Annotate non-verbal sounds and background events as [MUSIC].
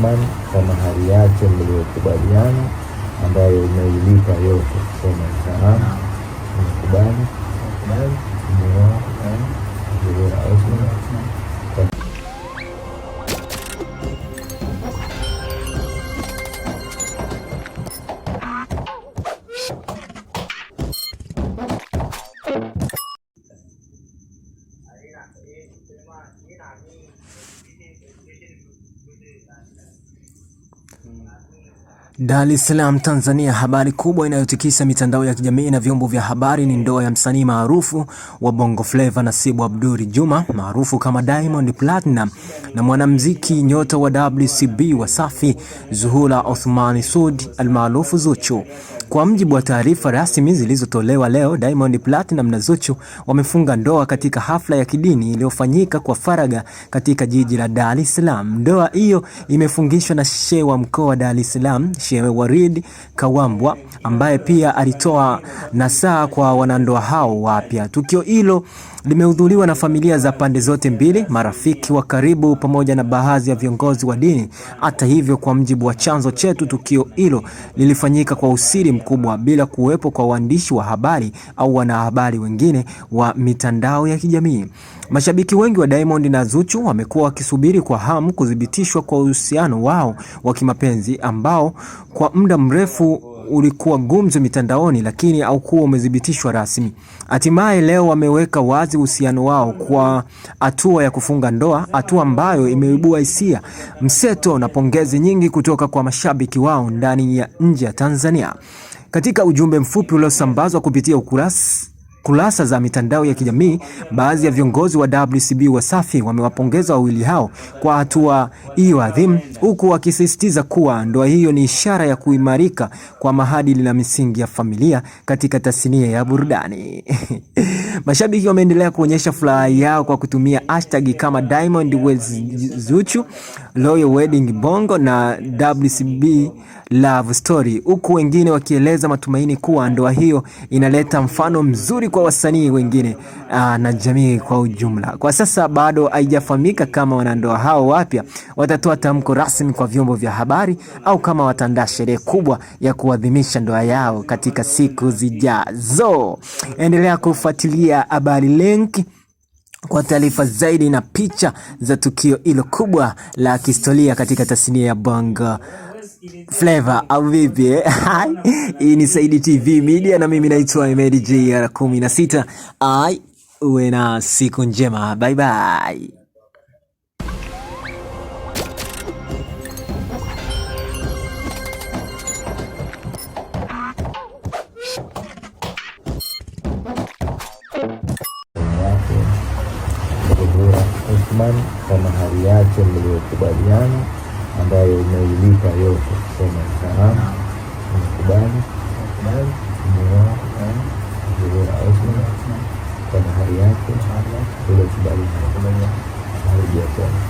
Rahman kama sama yake mliyokubaliana, ambayo imeilika yote. Sema salamu nakubali Dar es Salaam Tanzania, habari kubwa inayotikisa mitandao ya kijamii na vyombo vya habari ni ndoa ya msanii maarufu wa Bongo Flava Nasibu abduri Juma maarufu kama Diamond Platinum na mwanamuziki nyota wa WCB Wasafi Zuhura Othmani Sud almaarufu Zuchu. Kwa mjibu wa taarifa rasmi zilizotolewa leo, Diamond Platnumz na Zuchu wamefunga ndoa katika hafla ya kidini iliyofanyika kwa faraga katika jiji la Dar es Salaam. Ndoa hiyo imefungishwa na shehe wa mkoa wa Dar es Salaam, Shehe Warid Kawambwa, ambaye pia alitoa nasaha kwa wanandoa hao wapya. Tukio hilo limehudhuriwa na familia za pande zote mbili, marafiki wa karibu pamoja na baadhi ya viongozi wa dini. Hata hivyo, kwa mjibu wa chanzo chetu, tukio hilo lilifanyika kwa usiri mkubwa bila kuwepo kwa waandishi wa habari au wanahabari wengine wa mitandao ya kijamii. Mashabiki wengi wa Diamond na Zuchu wamekuwa wakisubiri kwa hamu kuthibitishwa kwa uhusiano wao wa kimapenzi ambao kwa muda mrefu ulikuwa gumzo mitandaoni lakini haukuwa umethibitishwa rasmi. Hatimaye leo wameweka wazi uhusiano wao kwa hatua ya kufunga ndoa, hatua ambayo imeibua hisia mseto na pongezi nyingi kutoka kwa mashabiki wao ndani ya nje ya Tanzania. Katika ujumbe mfupi uliosambazwa kupitia ukurasa kurasa za mitandao ya kijamii, baadhi ya viongozi wa WCB Wasafi wamewapongeza wawili hao kwa hatua hiyo adhimu, huku wakisisitiza kuwa ndoa hiyo ni ishara ya kuimarika kwa maadili na misingi ya familia katika tasnia ya burudani. [LAUGHS] Mashabiki wameendelea kuonyesha furaha yao kwa kutumia hashtag kama Diamond Wedding Zuchu, Royal Wedding Bongo na WCB Love Story, huku wengine wakieleza matumaini kuwa ndoa hiyo inaleta mfano mzuri kwa wasanii wengine aa, ah, na jamii kwa ujumla. Kwa sasa bado haijafahamika kama wanandoa hao wapya watatoa tamko rasmi kwa vyombo vya habari au kama wataandaa sherehe kubwa ya kuadhimisha ndoa yao katika siku zijazo. Endelea kufuatilia Habari Link kwa taarifa zaidi na picha za tukio hilo kubwa la kihistoria katika tasnia ya Bongo Flava au vipi? Eh? [LAUGHS] Hii ni Saidi TV Media na mimi naitwa Ahmed JR 16. Ai, uwe na siku njema. Bye bye. Othman kwa mahari yake mliyokubaliana, ambayo umeilipa yote. Sema salamu mkubali kwa mahari yake uliyokubaliana.